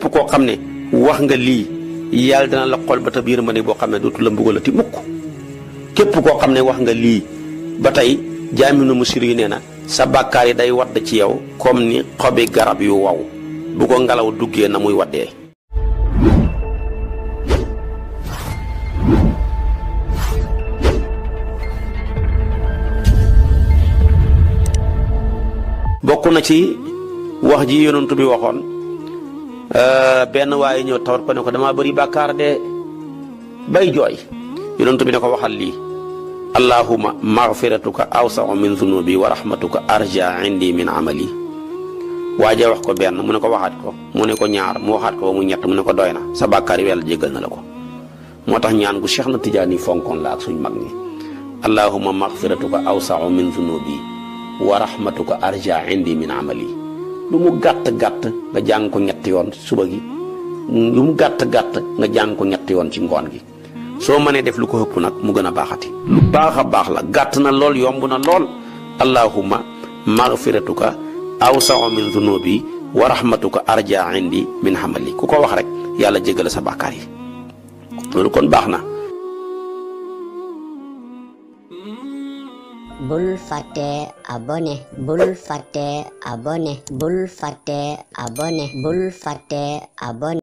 képp koo xam ne wax nga lii yàlla dana la xool ba tab yërmande boo xam ne dootu la mbugalati mukk képp koo xam ne wax nga lii ba tey jaaminu mu yi nee na sa bàkkaar yi day wadd ci yow comme ni xobi garab yu waw bu ko ngelaw duggee na muy waddee bokk na ci wax ji yonent bi waxoon Eh, ben waaye ñëw tawat ko ne ko dama bari bàkkaar de bay joy, yonentu bi ne ko waxal li allahumma maghfiratuka awsa min dhunubi wa rahmatuka arja indi min amali waaje wax ko ben mu ne ko waxat ko mu ne ko ñaar mu waxat ko mu ñett mu ne ko doyna sa wel jegal na la ko ñaan gu cheikh na tijaani fonkon la ak suñ mag ñi allahuma magfiratuka min dhunubi wa rahmatuka arja indi min amali lu mu gàtt-gàtt nga jàng ko ñetti yoon suba gi lu mu gàtt-gàtt nga jàng ko ñetti yoon ci ngoon gi soo mënee def lu ko ëpp nag mu gën a baaxati lu baax a baax la gàtt na lool yomb na lool allahumma maghfiratuka awsa'u min zunubi wa rahmatuka arja indi min hamali ku ko wax rek yàlla jégal sa bàkkaar yi loolu kon baax na Bullfate abone, bullfate abone, bullfate abone, bullfate abone.